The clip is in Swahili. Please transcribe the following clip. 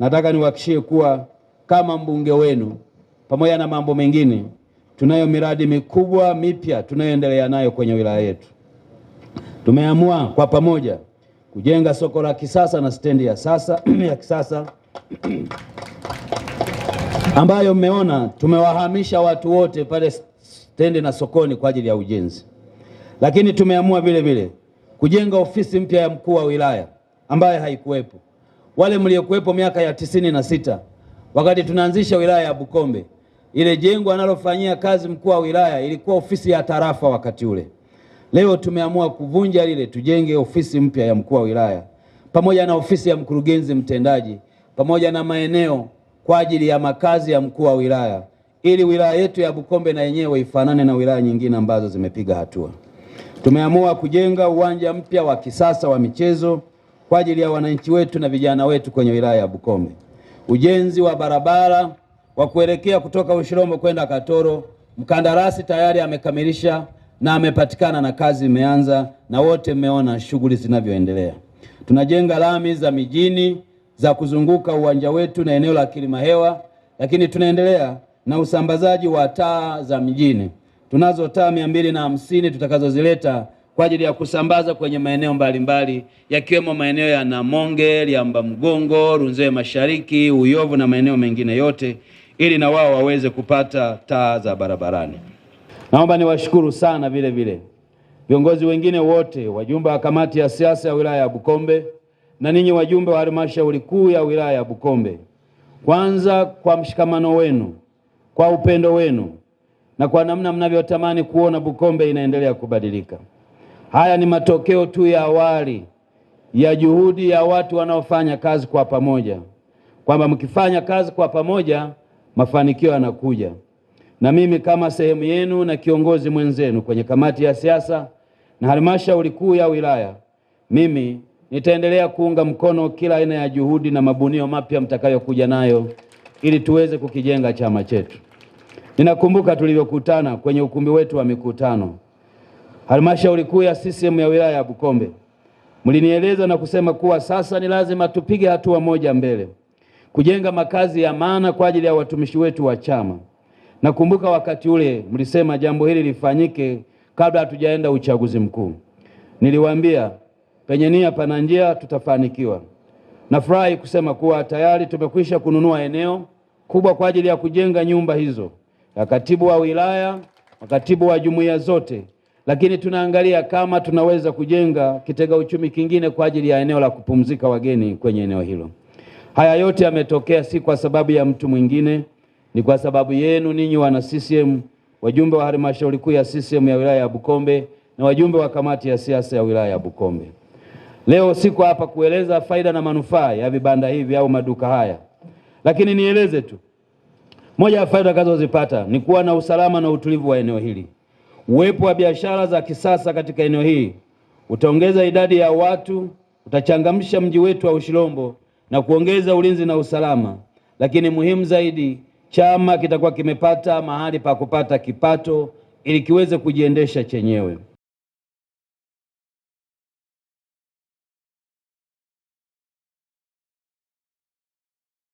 Nataka niwahakishie kuwa kama mbunge wenu, pamoja na mambo mengine, tunayo miradi mikubwa mipya tunayoendelea nayo kwenye wilaya yetu. Tumeamua kwa pamoja kujenga soko la kisasa na stendi ya sasa ya kisasa ambayo mmeona tumewahamisha watu wote pale stendi na sokoni kwa ajili ya ujenzi. Lakini tumeamua vile vile kujenga ofisi mpya ya mkuu wa wilaya ambayo haikuwepo wale mliokuwepo miaka ya tisini na sita wakati tunaanzisha wilaya ya Bukombe, ile jengo analofanyia kazi mkuu wa wilaya ilikuwa ofisi ya tarafa wakati ule. Leo tumeamua kuvunja lile, tujenge ofisi mpya ya mkuu wa wilaya pamoja na ofisi ya mkurugenzi mtendaji pamoja na maeneo kwa ajili ya makazi ya mkuu wa wilaya ili wilaya yetu ya Bukombe na yenyewe ifanane na wilaya nyingine ambazo zimepiga hatua. Tumeamua kujenga uwanja mpya wa kisasa wa michezo kwa ajili ya wananchi wetu na vijana wetu kwenye wilaya ya Bukombe. Ujenzi wa barabara wa kuelekea kutoka Ushirombo kwenda Katoro, mkandarasi tayari amekamilisha na amepatikana na kazi imeanza, na wote mmeona shughuli zinavyoendelea. Tunajenga lami za mijini za kuzunguka uwanja wetu na eneo la kilima hewa lakini tunaendelea na usambazaji wa taa za mjini. Tunazo taa mia mbili na hamsini tutakazozileta kwa ajili ya kusambaza kwenye maeneo mbalimbali yakiwemo maeneo ya Namonge, Liamba Mgongo, Runzewe Mashariki, Uyovu na maeneo mengine yote ili na wao waweze kupata taa za barabarani. Naomba niwashukuru sana vile vile viongozi wengine wote, wajumbe wa kamati ya siasa ya wilaya ya Bukombe na ninyi wajumbe wa halmashauri kuu ya wilaya ya Bukombe, kwanza kwa mshikamano wenu, kwa upendo wenu na kwa namna mnavyotamani kuona Bukombe inaendelea kubadilika. Haya ni matokeo tu ya awali ya juhudi ya watu wanaofanya kazi kwa pamoja, kwamba mkifanya kazi kwa pamoja mafanikio yanakuja. Na mimi kama sehemu yenu na kiongozi mwenzenu kwenye kamati ya siasa na halmashauri kuu ya wilaya, mimi nitaendelea kuunga mkono kila aina ya juhudi na mabunio mapya mtakayokuja nayo ili tuweze kukijenga chama chetu. Ninakumbuka tulivyokutana kwenye ukumbi wetu wa mikutano Halmashauri kuu ya CCM ya wilaya ya Bukombe, mlinieleza na kusema kuwa sasa ni lazima tupige hatua moja mbele kujenga makazi ya maana kwa ajili ya watumishi wetu wa chama. Nakumbuka wakati ule mlisema jambo hili lifanyike kabla hatujaenda uchaguzi mkuu. Niliwaambia penye nia pana njia, tutafanikiwa. Nafurahi kusema kuwa tayari tumekwisha kununua eneo kubwa kwa ajili ya kujenga nyumba hizo, makatibu wa wilaya, wakatibu wa jumuiya zote lakini tunaangalia kama tunaweza kujenga kitega uchumi kingine kwa ajili ya eneo la kupumzika wageni kwenye eneo hilo. Haya yote yametokea si kwa sababu ya mtu mwingine, ni kwa sababu yenu ninyi wana CCM, wajumbe wa halmashauri kuu ya CCM ya wilaya ya Bukombe na wajumbe wa kamati ya siasa ya wilaya ya Bukombe. Leo siko hapa kueleza faida na manufaa ya vibanda hivi au maduka haya, lakini nieleze tu moja ya faida kazozipata ni kuwa na usalama na utulivu wa eneo hili. Uwepo wa biashara za kisasa katika eneo hili utaongeza idadi ya watu, utachangamsha mji wetu wa Ushirombo na kuongeza ulinzi na usalama. Lakini muhimu zaidi, chama kitakuwa kimepata mahali pa kupata kipato ili kiweze kujiendesha chenyewe.